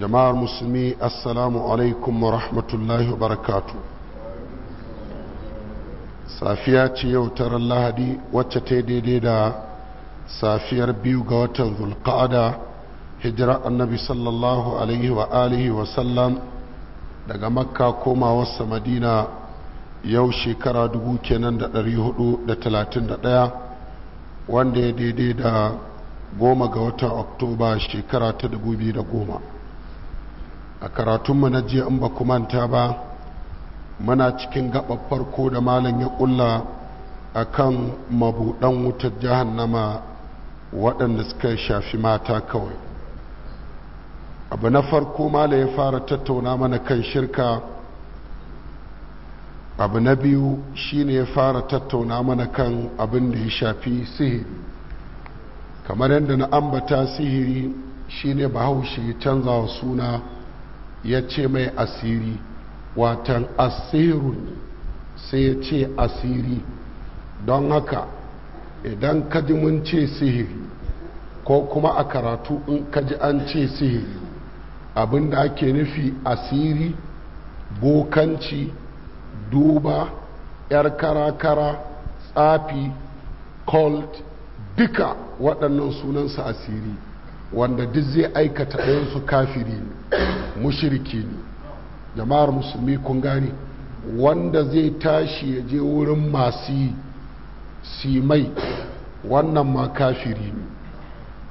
jama'ar musulmi assalamu alaikum wa rahmatullahi wa barakatu safiya ce yau taron lahadi wacce ta daidai da safiyar biyu ga watan zulqa'ada hijira annabi sallallahu alaihi wa alihi wa sallam daga makka koma komawarsa madina yau shekara dubu kenan da ɗari hudu da talatin da ɗaya wanda ya daidai da goma ga watan oktoba shekara ta dubu biyu da goma a karatunmu na jiya in ba manta ba mana cikin gaɓar farko da malam ya ƙulla a kan mabuɗan wutar jahannama waɗanda suka shafi mata kawai abu na farko malam ya fara tattauna mana kan shirka abu na biyu shine ya fara tattauna mana kan abin da ya shafi sihiri kamar yadda na ambata sihiri shine bahaushe ya canzawa suna ya ce mai asiri watan asirun sai ya ce asiri don haka idan ka ji mun ce sihiri ko kuma a karatu in ka ji an ce sihiri abinda ake nufi asiri bokanci duba yar karakara, tsafi cult duka waɗannan sunansa asiri wanda duk zai aikata ɗayansu kafiri ne mushiriki ne jama'ar musulmi kun gane wanda zai tashi ya je wurin masu simai wannan ma kafiri ne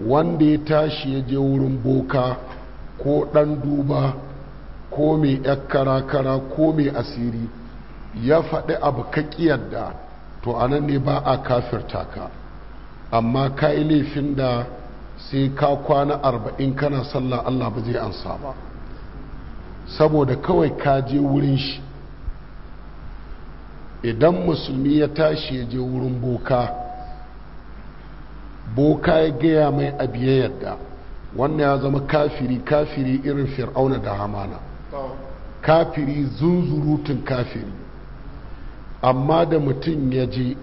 wanda ya tashi ya je wurin boka ko ɗan duba ko mai kara-kara ko mai asiri ya faɗi abu ka da to anan ne ba a kafirta ka amma ka yi laifin da sai ka kwana arba'in kana sallah allah ba zai ansa ba saboda kawai ka je wurin shi idan musulmi ya tashi ya je wurin boka boka ya gaya mai abu ya yadda wannan ya zama kafiri kafiri irin fir'auna da hamana kafiri zunzurutun kafiri amma da mutum ya je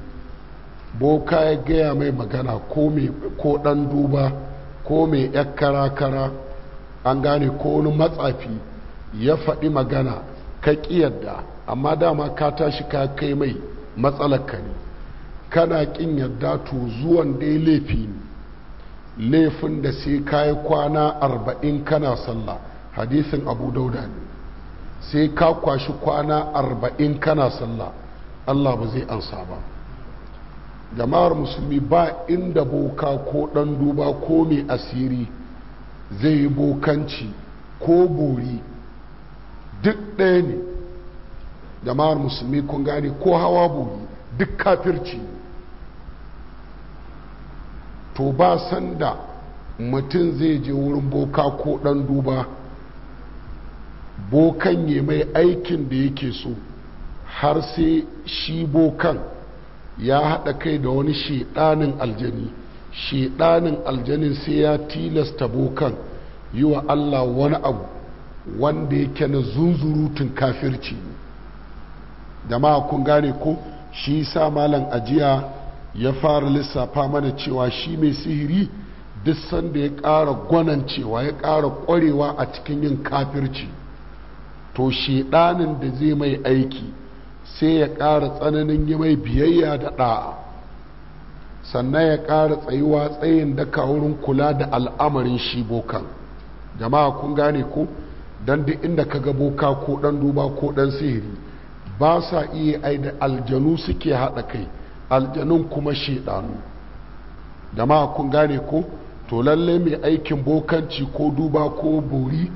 boka ya gaya mai magana ko dan duba ko mai yar kara-kara an gane ko wani matsafi ya faɗi magana ka ƙiyarda amma dama ka tashi ka kai mai matsalarka ne kana ƙin yadda to zuwan dai laifi ne laifin da sai ka yi kwana arba'in kana sallah hadisin abu dauda ne sai ka kwashi kwana arba'in kana sallah allah ba zai ansa ba jama'ar musulmi ba inda boka ko ɗan duba ko mai asiri zai yi bokanci ko bori duk ɗaya ne jama'ar musulmi kun gane ko hawa bori duk kafirci to ba sanda mutum zai je wurin boka ko ɗan duba bokan ya mai aikin da yake so har sai shi bokan ya haɗa kai da wani shiɗanin aljani shiɗanin aljanin sai ya tilasta bokan yi wa allah wani abu wanda yake na zunzurutun kafirci jama'a kun gane ko shi sa malam ajiya ya fara lissafa mana cewa shi mai sihiri duk sanda ya ƙara gwanancewa ya ƙara ƙwarewa a cikin yin kafirci to shiɗanin da zai mai aiki sai ya ƙara tsananin yi mai biyayya da ɗa'a sannan ya ƙara tsayuwa tsayin daka wurin kula da al'amarin shi bokan jama'a kun gane ko don duk inda ka ga boka ko ɗan duba ko ɗan sihiri ba sa iya ai da aljanu suke haɗa kai aljanun kuma shaidanu jama'a kun gane ko to lalle mai aikin bokanci ko duba ko buri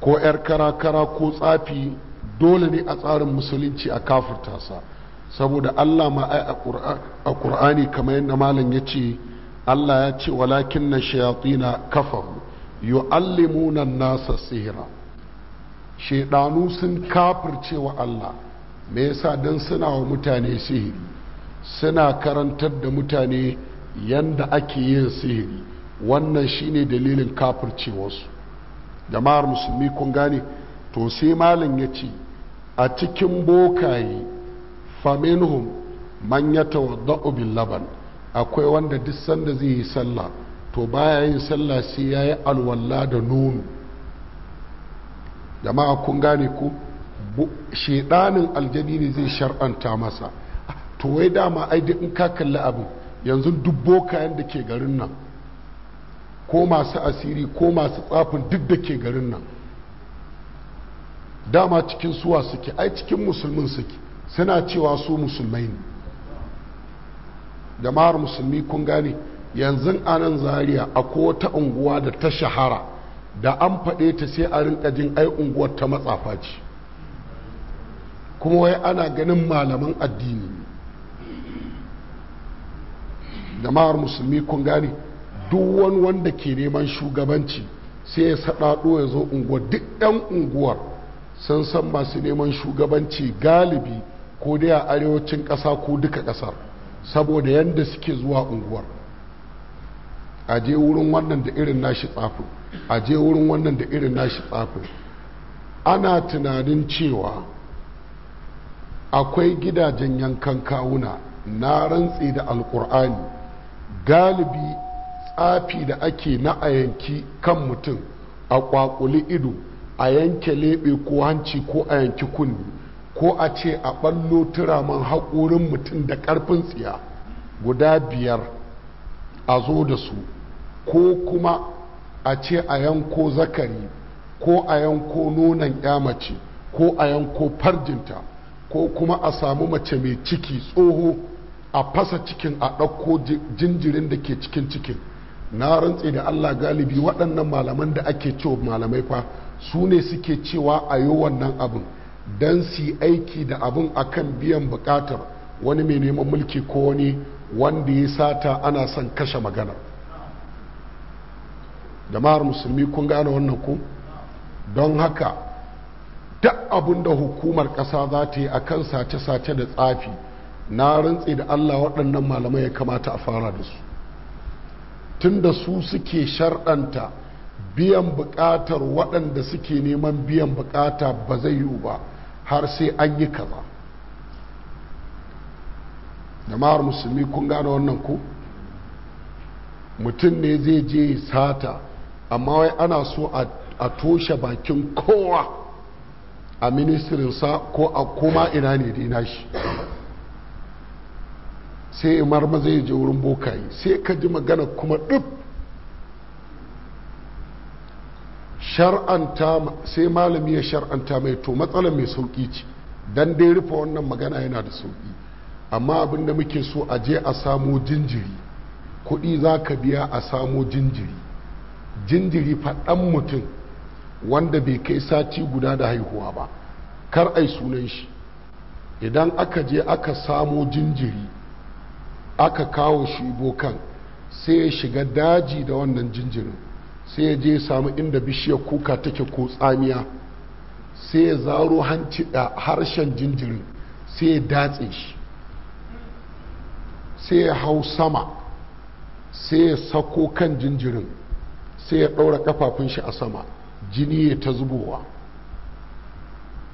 ko 'yar karakara ko tsafi dole ne a tsarin musulunci a kafurta sa saboda Allah ma ai a Qur'ani kamar yadda malam ya ce Allah ya ce walakin na shayatina kafaru yu'allimuna nasa sihira shaidanu sun kafirce wa Allah me yasa don suna wa mutane sihiri suna karantar da mutane yanda ake yin sihiri wannan shine dalilin kafircewarsu jama'ar musulmi kun gane to sai malam ya ce a cikin bokaye faminhum man ya tawadda'u bil laban akwai wanda duk sanda zai yi sallah to baya yin sallah sai yayi alwala da nono jama'a kun gane ku shedanin aljani ne zai shar'anta masa to wai dama ai duk in ka kalli abin yanzu duk bokayen da ke garin nan ko masu asiri ko masu tsafin duk da ke garin nan dama cikin suwa suke ai cikin musulmin suke suna cewa su musulmai ne jama'ar musulmi kun gane yanzu anan zaria akwai wata unguwa da ta shahara da an faɗe ta sai a rinka jin ai unguwar ta matsafa ce kuma wai ana ganin malaman addini jama'ar musulmi kun gane duk wani wanda ke neman shugabanci sai ya saɗaɗo ya zo unguwar duk 'yan unguwar sun san masu neman shugabanci galibi ko dai a arewacin ƙasa ko duka ƙasar saboda yadda suke zuwa unguwar a je wurin wannan da irin nashi tsafin a je wurin wannan da irin nashi tsafin ana tunanin cewa akwai gidajen yankan kawuna na rantsi da alkur'ani galibi tsafi da ake na a kan mutum a kwakuli ido a yanke leɓe ko hanci ko a yanki kunni ko a ce a ɓallo turaman haƙorin mutum da ƙarfin tsiya guda biyar a zo da su ko kuma a ce a yanko zakari ko a yanko nonon mace ko a yanko farjinta ko kuma a samu mace mai ciki tsoho a fasa cikin a ɗauko jinjirin da ke cikin cikin na rantse da allah galibi waɗannan malaman da ake cewa malamai fa su ne suke cewa a yi wannan abin don su aiki da abin a kan biyan bukatar wani mai neman mulki ko wani wanda ya sata ana son kashe magana jama'ar musulmi kun gane wannan ku don haka duk abin da hukumar ƙasa za ta yi kan sace-sace da tsafi na rantse da allah waɗannan malamai ya kamata a fara da su tun da su suke sharɗanta biyan bukatar waɗanda suke neman biyan bukata ba zai yiwu ba har sai an yi kaza jama'ar musulmi kun gane wannan ku mutum ne zai je sata amma wai ana so a toshe bakin kowa a ministrinsa ko a koma ina ne dai nashi sai imar maza ya je wurin bokaye sai ka ji magana kuma duk shar'anta sai malami ya shar'anta mai to matsalar mai sauƙi ce dan dai rufe wannan magana yana da sauƙi amma abin da muke so a je a samo jinjiri kuɗi za ka biya a samo jinjiri jinjiri faɗan mutum wanda bai kai sati guda da haihuwa ba kar ai sunan shi idan aka je aka samo jinjiri aka kawo shi bokan sai ya shiga daji da wannan jinjirin sai ya je samu inda bishiyar kuka take ko tsamiya sai ya zaro hanci a harshen jinjirin sai ya datse shi sai ya hau sama sai ya sako kan jinjirin sai ya ɗaura kafafun shi a sama jini ya ta zubowa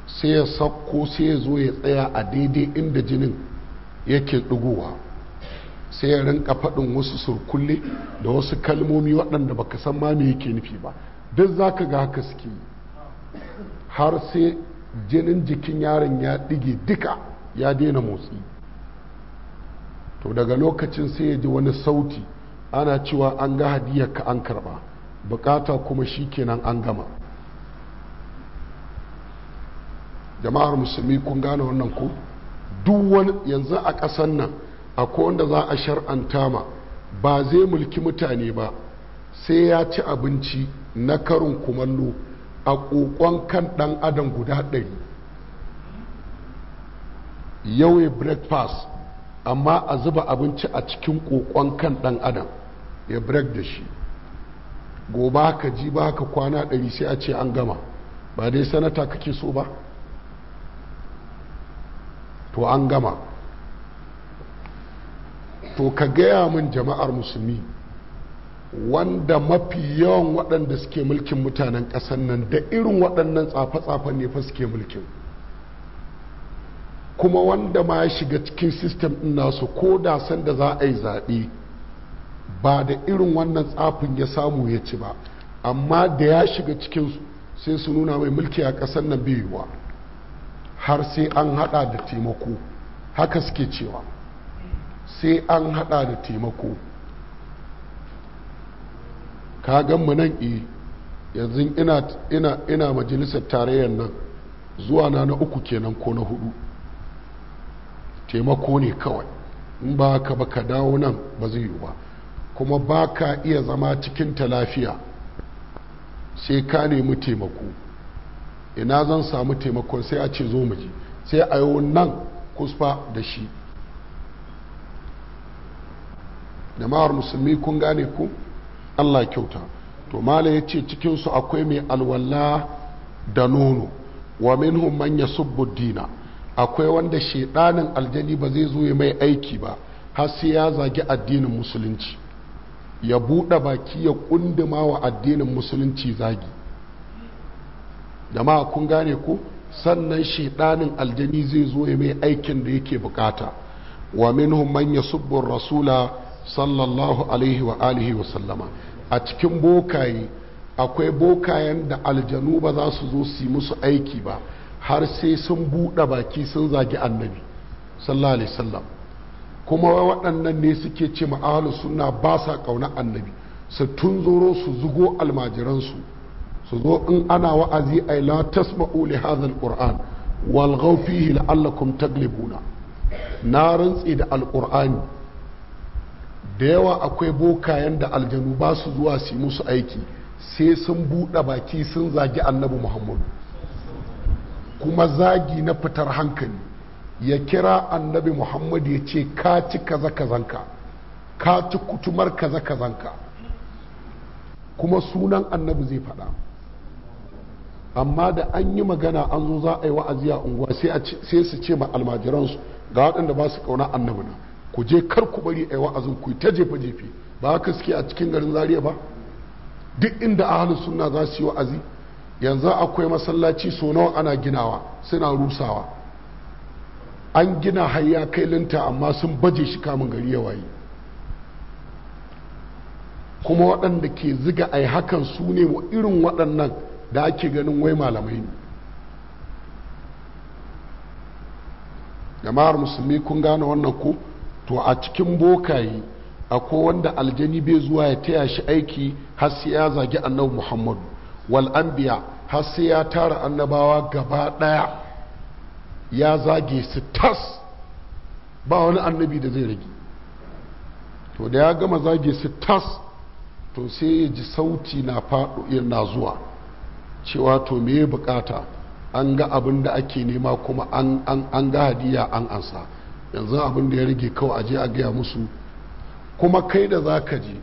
sai ya sako sai ya zo ya tsaya a daidai inda jinin yake ɗugowa sai ya rinka faɗin wasu surkulle da wasu kalmomi waɗanda baka san ma me yake nufi ba duk za ka ga haka suke har sai jinin jikin yaron ya ɗige duka ya daina motsi to daga lokacin sai ya ji wani sauti ana cewa an ga hadiyar ka an karba bukata kuma shi kenan an gama jama'ar musulmi kun gane wannan ko duk wani yanzu a ƙasan nan akwai wanda za a shar'anta ma ba zai mulki mutane ba sai ya ci abinci na karin kumallo a kokon kan ɗan adam guda ɗari yawai breakfast amma a zuba abinci a cikin kokon kan ɗan adam ya break da shi gobe ka ji ba ka kwana ɗari sai a ce an gama ba dai sanata kake so ba to an gama to ka gaya min jama'ar musulmi wanda mafi yawan waɗanda suke mulkin mutanen ƙasar nan da irin waɗannan tsafe-tsafen ne fa suke mulkin kuma wanda ma ya shiga cikin sistem ɗin nasu ko da san da za a yi zaɓe ba da irin wannan tsafin ya samu ya ci ba amma da ya shiga cikinsu sai su nuna mai mulki a ƙasar nan biyuwa har sai an haɗa da taimako haka suke cewa sai an hada da taimako ka gan mu nan e yanzu ina ina ina majalisar tarayyar nan zuwa na na uku kenan ko na hudu taimako ne kawai in ba ka ba ka dawo nan ba zai yi ba kuma ba ka iya zama cikin ta lafiya sai ka nemi taimako ina zan samu taimakon sai a ce zo mu je sai a yi nan kusfa da shi jama'ar musulmi kun gane ku allah kyauta to mala ya ce cikinsu akwai mai alwala da nono wa minhum man yasubbu dina akwai wanda shedanin aljani ba zai zo ya mai aiki ba har sai ya zagi addinin musulunci ya buɗe baki ya kunduma wa addinin musulunci zagi jama'a kun gane ku. sannan shedanin aljani zai zo ya mai aikin da yake bukata wa minhum man yasubbu rasula sallallahu alaihi wa alihi wa sallama a cikin bokaye akwai bokayen da aljanu ba za su zo su yi musu aiki ba har sai sun buɗe baki sun zagi annabi sallallahu alaihi sallam kuma waɗannan ne suke ce ma'ahalu suna ba sa ƙauna annabi su tunzoro su zugo almajiransu su zo in ana wa'azi ai la tasma'u li hadha quran wal fihi la'allakum taglibuna na rantsi da alqur'ani da yawa akwai bokayen da aljanu ba su zuwa su musu aiki sai sun buɗe baki sun zagi annabi muhammadu kuma zagi na fitar hankali ya kira annabi muhammadu ya ce ka ci kaza kazanka ka ci kutumar kaza kazanka kuma sunan annabi zai faɗa amma da an yi magana an zo za a yi wa'azi a unguwa sai su ce ma almajiransu ga waɗanda ba su ƙauna annabi na ku je kar ku bari a yi wa'azin ku ta jefa jefe ba haka suke a cikin garin zariya ba duk inda ahalin suna za su yi wa'azi yanzu akwai masallaci so nawa ana ginawa suna rusawa an gina hayya kai linta amma sun baje shi kamun gari ya waye kuma waɗanda ke ziga ai hakan su ne wa irin waɗannan da ake ganin wai malamai ne jama'ar musulmi kun gane wannan ko to a cikin bokaye ko wanda aljani bai zuwa ya taya shi aiki har sai ya zagi annabi muhammadu wal anbiya har sai ya tara annabawa gaba daya ya zage su tas ba wani annabi da zai rage to da ya gama zage su tas to sai ya ji sauti na faɗo na zuwa cewa to me bukata an ga abin da ake nema kuma an ga hadiya an ansa yanzu abin da ya rage kawai aje a gaya musu kuma kai da za ka ji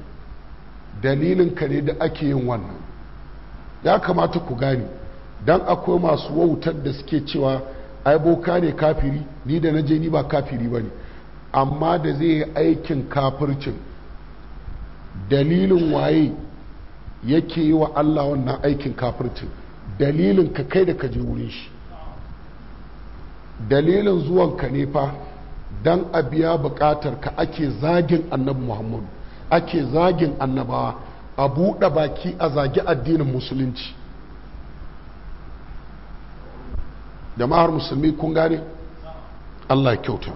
dalilin ka ne da ake yin wannan ya kamata ku gane don akwai masu wautar da suke cewa ai boka ne kafiri ni da na je ni ba kafiri ba ne amma da zai yi aikin kafircin dalilin waye yake yi wa Allah wannan aikin kafircin dalilin ka kai da ka je wurin shi dalilin zuwanka ne fa dan a biya bukatar ka ake zagin annabi muhammadu ake zagin annabawa a buɗe baki a zagi addinin musulunci jama'ar musulmi kun gane allah kyauta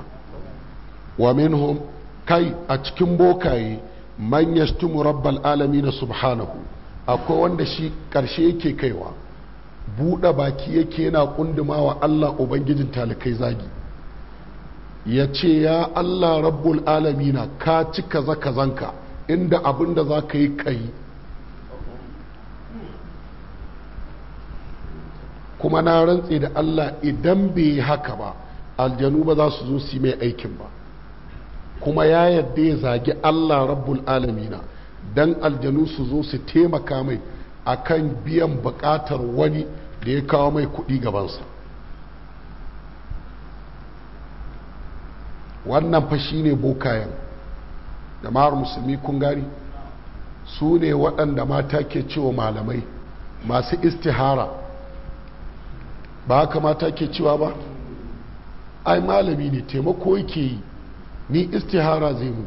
wa minhum kai a cikin bokaye man yastumu rabbal alamin subhanahu akwai wanda shi karshe yake kaiwa buɗe baki yake yana kundumawa allah ubangijin talikai zagi ya ce ya Allah rabbul alamina ka ci kaza kazanka inda abin da za ka yi kai. kuma na rantse da Allah idan bai yi haka ba aljanu ba za su zo su mai aikin ba kuma ya yadda ya zagi Allah rabbul alamina don aljanu su zo su taimaka mai akan biyan bukatar wani da ya kawo mai kuɗi gabansa wannan fa ne bokayen jama'ar musulmi kun gari su ne waɗanda mata ke cewa malamai masu istihara ba haka mata ke cewa ba ai malami ne taimako yake yi ni istihara zai mu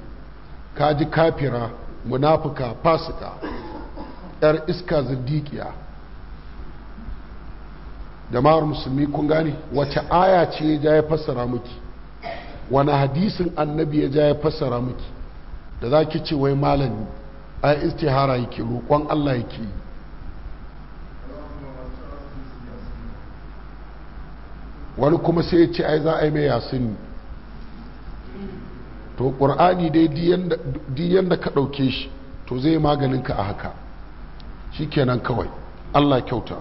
ka ji kafira munafuka fasika yar iska Da jama'ar musulmi kun gani, wace aya ce ya fassara miki wani hadisin annabi ya ja ya fassara miki da za ki ce wai malami a istihara yake roƙon allah yake yi wani kuma sai ya ce ai za a yi mai yasin to ƙur'ani dai diyan da ka ɗauke shi to zai maganin ka a haka shi kenan kawai allah kyauta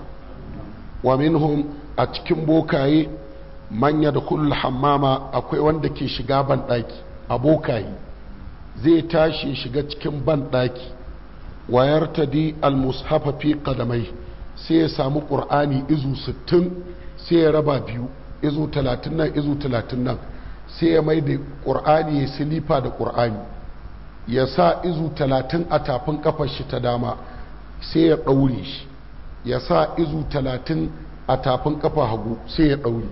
wa minhum a cikin bokaye manya da kulul hammama akwai wanda ke shiga banɗaki abokai zai tashi shiga cikin banɗaki wayar ta di almushafa fi kadamai sai ya samu ƙur'ani izu 60 sai ya raba biyu izu 30 nan izu 30 nan sai ya mai da ƙur'ani ya silifa da ƙur'ani ya sa izu 30 a tafin kafar shi ta dama sai ya ɗaure shi ya sa izu 30 a tafin ƙafa hagu sai ya ɗaure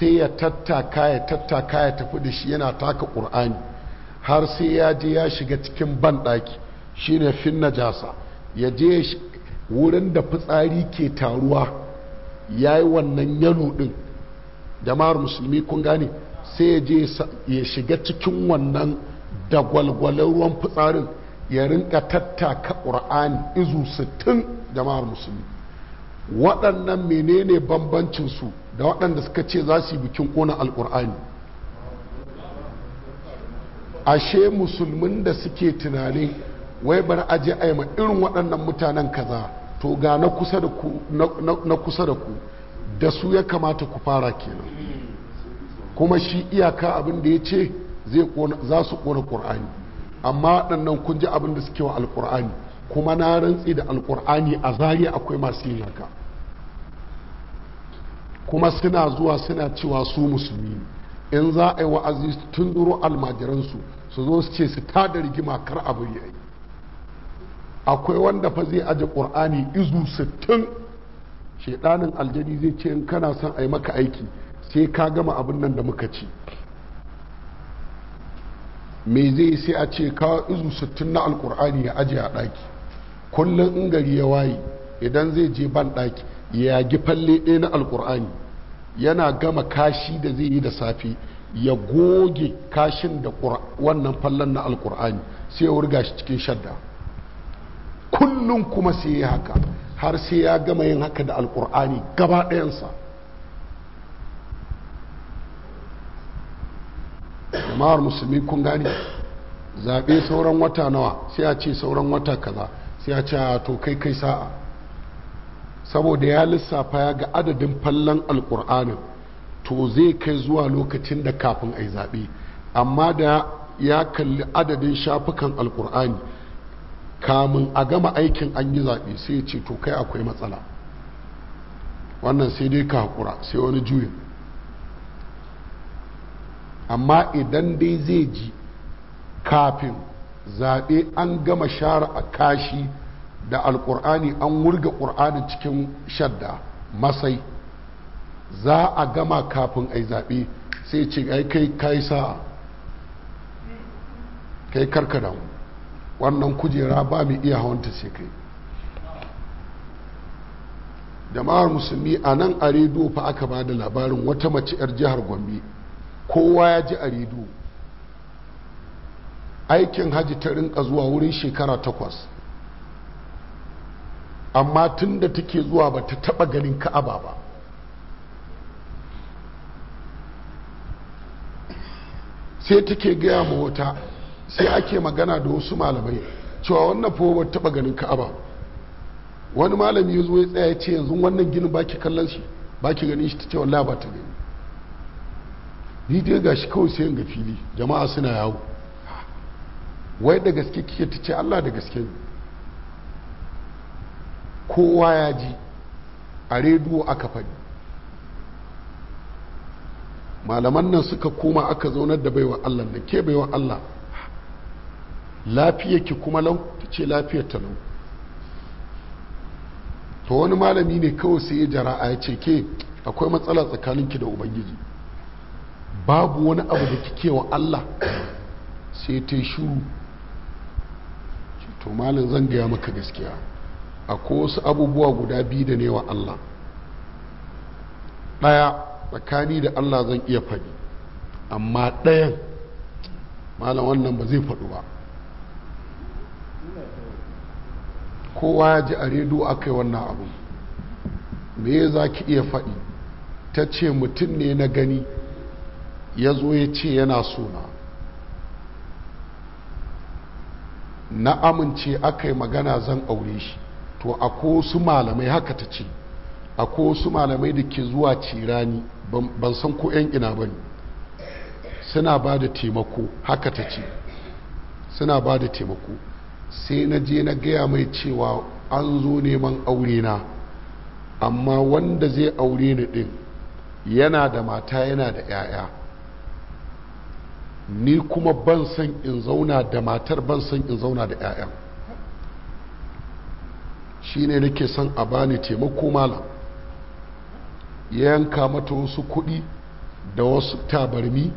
sai ya tattaka ya tattaka ya tafi da shi yana taka ƙur'ani har sai ya je ya shiga cikin banɗaki shine fin jasa ya je wurin da fitsari ke taruwa ya yi wannan yano ɗin jama'ar musulmi kun gane sai ya je ya shiga cikin wannan dagwalgwalen ruwan fitsarin ya rinka tattaka ƙur'ani izu sittin jama'ar musulmi waɗannan menene bambancin su da waɗanda suka ce za su yi bikin ƙona alƙur'ani ashe musulmin da suke tunani wai bar aje aima irin waɗannan mutanen kaza to ga na kusa da ku na kusa da ku da su ya kamata ku fara kenan kuma shi iyaka abin da ya ce za su ƙona ƙur'ani amma waɗannan kun ji abin da suke wa alƙur'ani kuma na rantsi da alkur'ani a zariya akwai masu yin haka kuma suna zuwa suna cewa su musulmi in za a yi wa'azi tun duro almajiransu su zo su ce su da rigima kar abu yi akwai wanda fa zai aje ƙur'ani izu sittin shaidanin aljani zai ce in kana son a yi maka aiki sai ka gama abin nan da muka ci me zai sai a ce kawo izu sittin na alkur'ani ya aje a ɗaki kullum in gari ya waye idan zai je banɗaki ya gi falle ɗaya na alkur'ani yana gama kashi da zai yi da safe ya goge kashin da wannan fallon na alkur'ani sai ya wurga shi cikin shadda kullum kuma sai ya haka har sai ya gama yin haka da alkur'ani gaba ɗayansa jama'ar musulmi kun gani zaɓe sauran wata nawa sai a ce sauran wata kaza sai ya ce to kai kai sa'a saboda ya lissafa ya ga adadin fallon alkur'anin to zai kai zuwa lokacin da kafin a yi zaɓe amma da ya kalli adadin shafukan alkur'ani kamun a gama aikin an yi zaɓe sai ya ce to kai akwai matsala wannan sai dai ka haƙura sai wani juyin amma idan dai zai ji kafin zaɓe an gama share a kashi da alƙur'ani an wurga ƙur'ani cikin shadda masai za a gama kafin a yi zaɓe sai ce ai kai kai sa kai karkada wannan kujera ba mu iya hawanta ce kai jama'ar musulmi a nan a rediyo fa aka ba da labarin wata mace 'yar jihar gombe kowa ya ji a rediyo aikin hajji ta rinka zuwa wurin shekara takwas amma tun da take zuwa ba ta taba ganin ka'aba ba sai take gaya ma wata sai ake magana da wasu malamai cewa wannan fa ba taba ganin ka'aba wani malami ya zo ya tsaya ya ce yanzu wannan ginin baki kallon shi baki ganin shi ta ce wallahi ba ta gani ni dai gashi kawai sai ga fili jama'a suna yawo wai da gaske kike ta ce allah da gaske ne kowa ya ji a rediyo aka faɗi malaman nan suka koma aka zaunar da baiwa allah da ke baiwa allah lafiya ki kuma lau ta ce lafiyar ta lau ta wani malami ne kawai sai ya a ya ce ke akwai matsala tsakanin ki da ubangiji babu wani abu da kike wa allah sai ta yi shuru to malin zan gaya maka gaskiya akwai wasu abubuwa guda biyu da newa Allah ɗaya tsakani da Allah zan iya faɗi amma ɗayan malam wannan ba zai faɗu ba kowa ya ji a redo aka yi wannan abu me za ki iya faɗi ta ce mutum ne na gani ya zo ya ce yana suna na amince aka yi magana zan aure shi to a su malamai haka ta ce a su malamai da ke zuwa cirani ban san ko 'yan ina ba suna ba da taimako haka ta ce suna ba da taimako sai na je na gaya mai cewa an zo neman aure na amma wanda zai aure ni din yana da mata yana da 'ya'ya ni kuma ban san in zauna da matar ban san in zauna da 'ya'yan shi ne nake son a bani taimako malam ya yanka mata wasu kuɗi da wasu tabarmi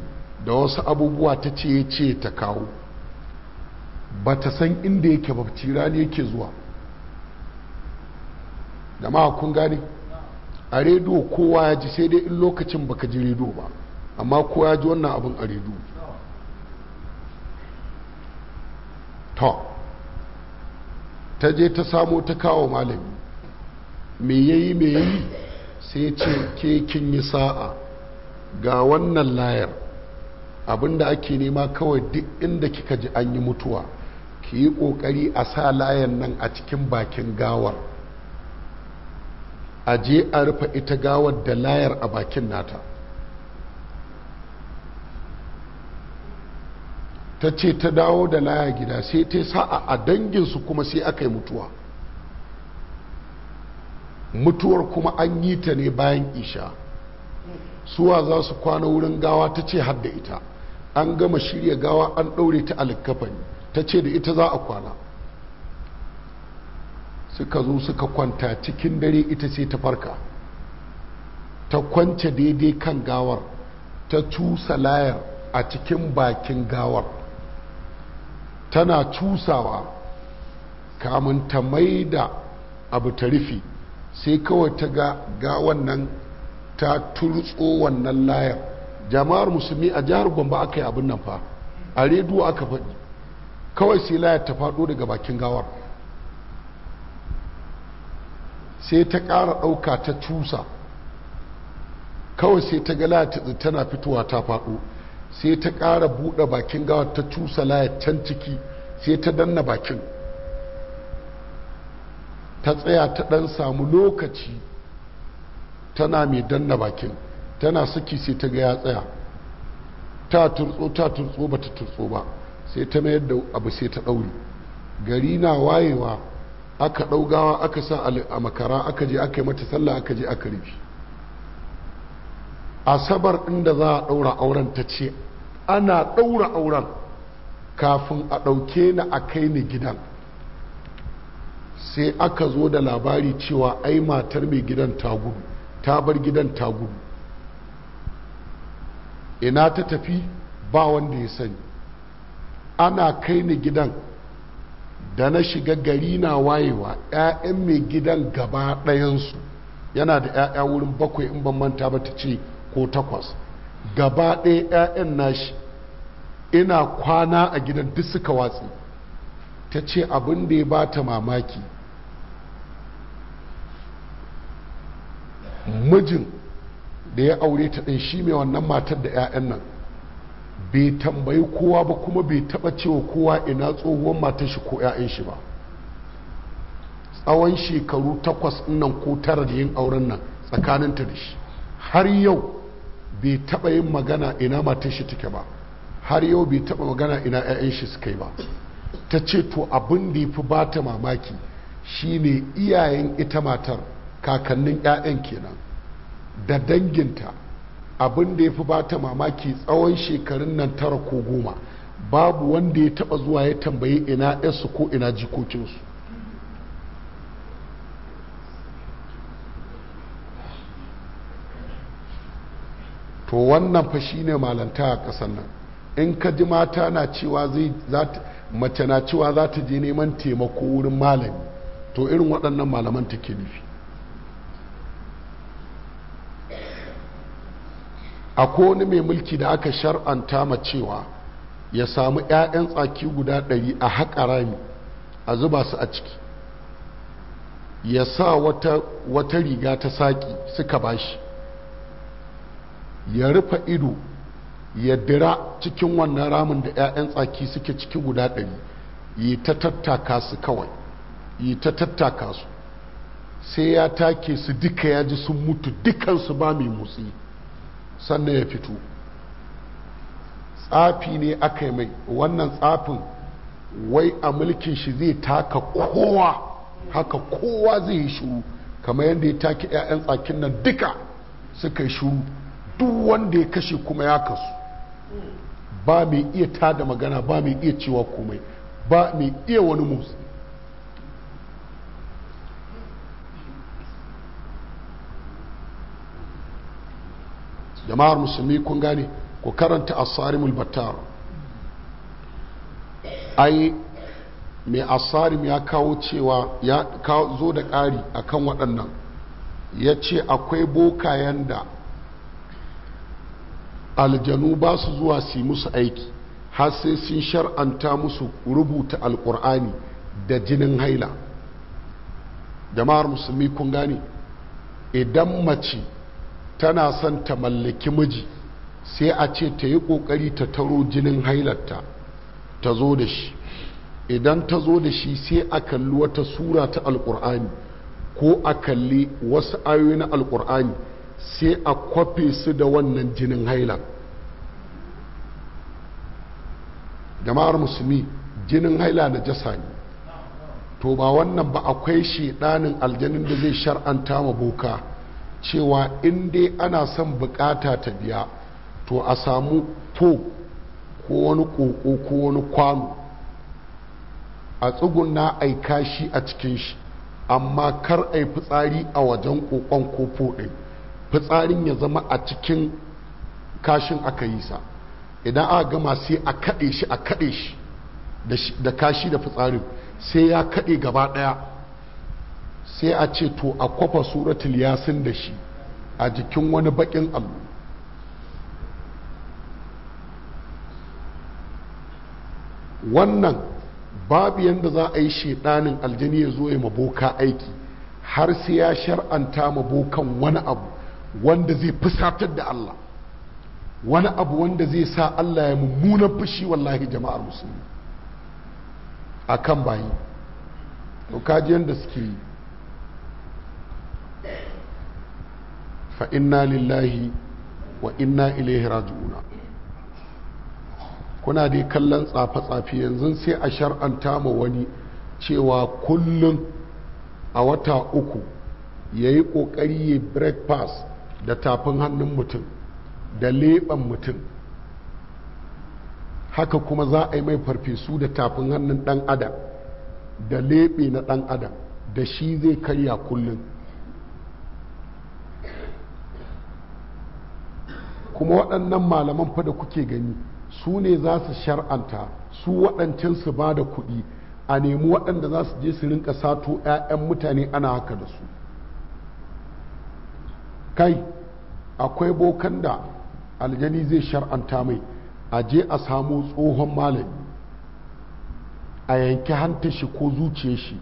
da wasu abubuwa ta ce ce ta kawo ba ta san inda yake babci rani yake zuwa da ma kun gane a rediyo kowa ya ji sai dai in lokacin baka ji rediyo ba amma kowa ya ji wannan abin a rediyo to ta je ta samo ta kawo malami me yayi me yi sai ce ke kin yi sa'a ga wannan layar abinda ake nema kawai duk inda kika ji an yi mutuwa ki yi kokari a sa layan nan a cikin bakin gawar a je a rufe ita gawar da layar a bakin nata ta ce ta dawo da laya gida sai ta sa'a a danginsu kuma sai aka yi mutuwa mutuwar kuma an yi ta ne bayan isha suwa za su kwana wurin gawa ta ce hadda ita an gama shirya gawa an ɗaure ta alikafani ta ce da ita za a kwana suka zo suka kwanta cikin dare ita sai ta farka ta kwance daidai kan gawar ta cusa layar a cikin bakin gawar tana cusawa kamun ta mai da abu ta rufe sai kawai ta ga ga wannan ta turtso wannan layar jama'ar musulmi a jihar gombe aka yi abin nan fa a rediyo aka faɗi kawai sai layar ta faɗo daga bakin gawar sai ta ƙara ɗauka ta cusa kawai sai ta ga layar tana fitowa ta faɗo sai ta ƙara buɗe bakin gawa ta cusa laya can ciki sai ta danna bakin ta tsaya ta ɗan samu lokaci tana mai danna bakin tana saki sai ta ga ya tsaya ta turtso ta turtso ba ta turtso ba sai ta mayar da abu sai ta ɗauri gari na wayewa aka ɗaugawa aka sa a makara aka je aka yi mata sallah aka je aka rufe asabar inda za a ɗaura auren ta ce ana ɗaura auren kafin a ɗauke ni a kai ni gidan sai aka zo da labari cewa ai matar mai gidan ta gudu ta bar gidan ta gudu ina ta tafi ba wanda ya sani ana kai ni gidan da na shiga gari na wayewa 'ya'yan mai gidan gaba ɗayansu yana da 'ya'ya wurin bakwai in ban manta ba ta ce ko takwas gaba ɗaya 'ya'yan nashi ina kwana a gidan duk suka watsi ta ce abin da ya ba ta mamaki mijin da ya aure ta ɗin shi mai wannan matar da 'ya'yan nan bai tambayi kowa ba kuma bai taɓa cewa kowa ina tsohuwar matar shi ko 'ya'yan shi ba tsawon shekaru takwas nan ko tara da yin auren nan tsakaninta da shi har yau bai taba yin magana ina matan shi take ba har yau bai taba magana ina 'ya'yan shi suka yi ba ta ce to abin da ya fi ba ta mamaki shine iyayen ita matar kakannin 'ya'yan kenan da danginta abin da ya fi ba ta mamaki tsawon shekarun nan tara ko goma babu wanda ya taba zuwa ya tambayi ina 'yarsu ko ina jikokinsu to wannan fa shine malanta a kasan nan in ka ji mata na cewa zai mace na cewa za ta je neman taimako wurin malami to irin waɗannan malaman take nufi a wani mai mulki da aka shar'anta ma cewa ya samu 'ya'yan tsaki guda ɗari a haƙa rami a zuba su a ciki ya sa wata, riga ta saƙi suka bashi ya rufe ido ya dira cikin wannan ramin da 'ya'yan tsaki suke ciki guda ɗari yi ta tattaka su kawai yi ta tattaka su sai ya take su duka ya ji sun mutu dukansu ba mai motsi sannan ya fito tsafi ne aka yi mai wannan tsafin wai a mulkin shi zai taka kowa haka kowa zai yi shuru kamar yadda ya take 'ya'yan tsakin nan duka suka yi shuru duk wanda ya kashe kuma ya kasu ba mai iya tada magana ba mai iya cewa komai ba mai iya wani motsi jama'ar musulmi kun gane ku karanta asarimul battar ai mai asarim ya kawo cewa ya zo da ƙari akan waɗannan ya ce akwai bokayen da aljanu ba su zuwa su musu aiki har sai sun shar'anta musu rubuta alkur'ani da jinin haila jama'ar musulmi kun gane idan mace tana son ta mallaki miji sai a ce ta yi ƙoƙari ta taro jinin hailarta ta zo da shi idan ta zo da shi sai a kalli wata sura ta alkur'ani ko a kalli wasu ayoyi na alƙur'ani sai a kwafe su da wannan jinin haila jama'ar musulmi jinin haila na jasa ne to ba wannan ba akwai shiɗanin aljanin da zai shar'anta ma boka cewa in dai ana son bukata ta biya to a samu to ko wani koko ko wani kwano a tsuguna aika shi a cikin shi amma kar a yi fitsari a wajen ƙoƙon ko po fitsarin ya zama a cikin kashin aka yi sa idan aka gama sai a kaɗe shi a kaɗe shi da kashi da fitsarin sai ya kaɗe gaba ɗaya sai a ce to a kwafa suratul yasin da shi a jikin wani baƙin allo wannan babu yadda za a yi shaidanin aljini ya zo ya maboka aiki har sai ya shar'anta mabokan wani abu wanda zai fusatar da Allah wani abu wanda zai sa Allah ya mummunan fushi wallahi jama'ar musulmi a kan bayi to da suke yi Fa'inna lillahi wa inna ilaihi raji'una kuna dai kallon tsafe-tsafe yanzu sai a shar'anta ma wani cewa kullum a wata uku ya yi ƙoƙari ya breakfast da tafin hannun mutum da leɓen mutum haka kuma za a yi mai farfesu da tafin hannun ɗan adam da leɓe na ɗan adam da shi zai karya kullum kuma waɗannan malaman fa da kuke gani su ne za su shar'anta su waɗancan su ba da kuɗi a nemi waɗanda za su je su rinka sato 'ya'yan mutane ana haka da su kai akwai bokan da aljani zai shar'anta mai a je a samu tsohon malami a yanki hanta shi ko zuciya shi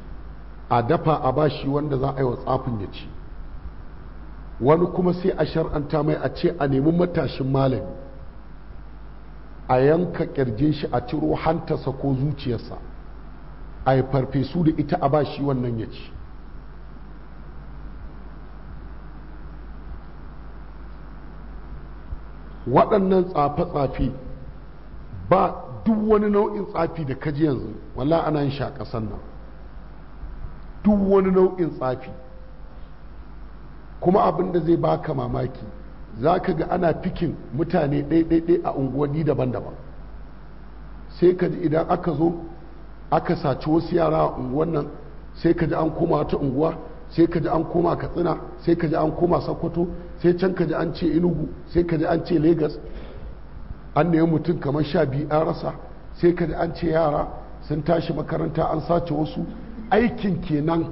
a dafa a ba bashi wanda za a yi wa tsafin ya ci wani kuma sai a shar'anta mai a ce a nemi matashin malami a yanka kirjin shi a ciro hantarsa ko zuciyarsa a yi farfesu da ita a bashi wannan ya ci waɗannan tsafe-tsafe ba duk wani nau'in tsafi da kaji yanzu wala ana yin sha ƙasan nan duk wani nau'in tsafi kuma abin da zai baka mamaki za ka ga ana fikin mutane ɗaiɗaiɗai a unguwanni daban-daban sai ka ji idan aka zo aka saci wasu yara a unguwan nan sai ka ji an koma wata unguwa sai ka ji an koma katsina sai ka ji an koma sokoto sai can ka ji an ce inugu sai ka ji an ce lagos an nemi mutum kamar sha biyu an rasa sai ka ji an ce yara sun tashi makaranta an sace wasu aikin kenan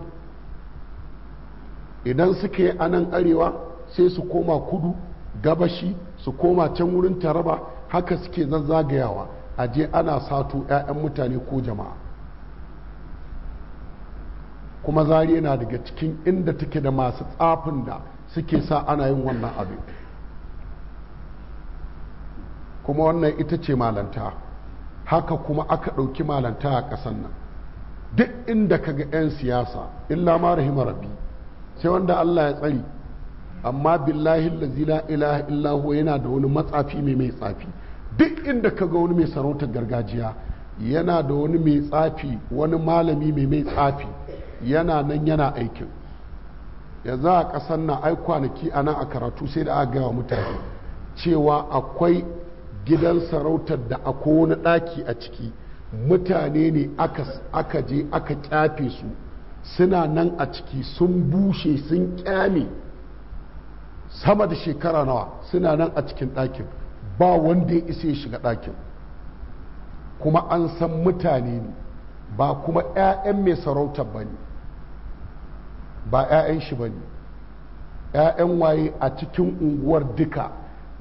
idan suka yi anan arewa sai su koma kudu gabashi su koma can wurin taraba haka suke zazzagayawa a je ana sato 'ya'yan mutane ko jama'a kuma zariya na daga cikin inda take da masu tsafin da suke sa ana yin wannan abin kuma wannan ita ce malanta haka kuma aka ɗauki malanta a ƙasan nan duk inda ka ga 'yan siyasa illa ma rahima rabbi sai wanda allah ya tsari amma billahi lazila ilaha illahu yana da wani matsafi mai mai tsafi duk inda ka ga wani mai sarautar gargajiya yana da wani mai tsafi wani malami mai mai tsafi yana nan yana aikin ya za a ƙasar na ai kwanaki a nan a karatu sai da aka gawa mutane cewa akwai gidan sarautar da akwai wani ɗaki a ciki mutane ne aka je aka kyafe su suna nan a ciki sun bushe sun kyame sama da shekara nawa suna nan a cikin ɗakin ba wanda ya isa ya shiga ɗakin kuma an san mutane ne ba kuma 'ya'yan mai sarautar ba ne ba 'ya'yan shi ba ne 'ya'yan waye a cikin unguwar duka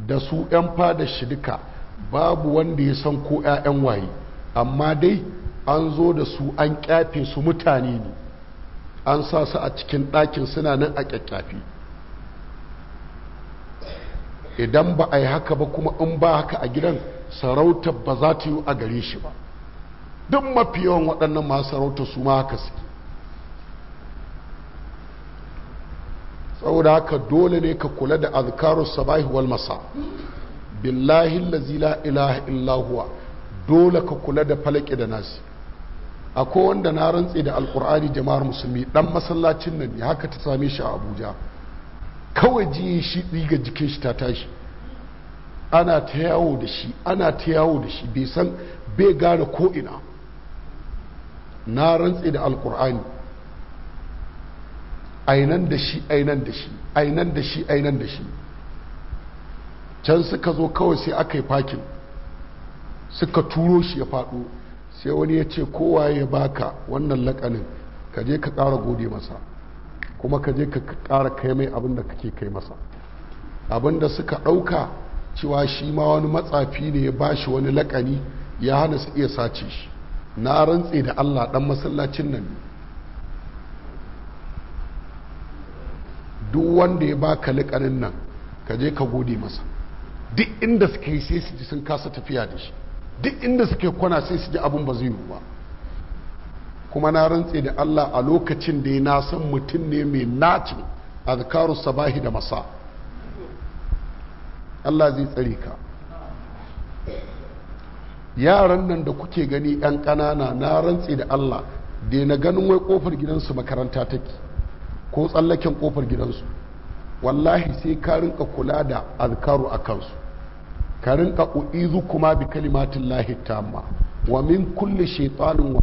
da su 'yan fada shi duka babu wanda ya san ko 'ya'yan waye amma dai an zo da su an kyafe su mutane ne an sa su a cikin ɗakin suna nan a kyakkyafi idan ba a yi haka ba kuma in ba haka a gidan sarauta ba za ta yi a gare shi ba duk mafi yawan waɗannan masu sarauta su ma haka suke saboda haka dole ne ka kula da azkarus sabahi wal masa billahi allazi la ilaha illa huwa dole ka kula da falaki da nasi akwai wanda na rantse da alkur'ani jama'ar musulmi dan masallacin nan ya haka ta same shi a abuja kawai ji shi diga jikin shi ta tashi ana ta yawo da shi ana ta yawo da shi bai san bai gane ko ina na rantse da alkur'ani ainan da shi ainan da shi ainan da shi ainan da shi can suka zo kawai sai aka yi fakin suka turo shi ya faɗo sai wani ya ce kowa ya baka wannan lakanin ka je ka ƙara gode masa kuma ka je ka ƙara kai mai abin da kake kai masa abin da suka ɗauka cewa shi ma wani matsafi ne ya ba shi wani lakani ya hana su iya sace shi na rantse da allah dan masallacin nan duk wanda ya baka likanin nan ka je ka gode masa duk inda suka yi sai su ji sun kasa tafiya da shi duk inda suka kwana sai su ji abin ba zai yiwu ba kuma na rantse da Allah a lokacin da ya na san mutum ne mai nacin azkaru sabahi da masa Allah zai tsare ka yaran nan da kuke gani yan ƙanana na rantse da Allah da na ganin wai kofar gidansu makaranta take ko tsallaken kofar gidansu wallahi sai ka rinka kula da alkaru a kansu ka rinka u'izu kuma bi kalimatin lahi tamma wa min kulli wa.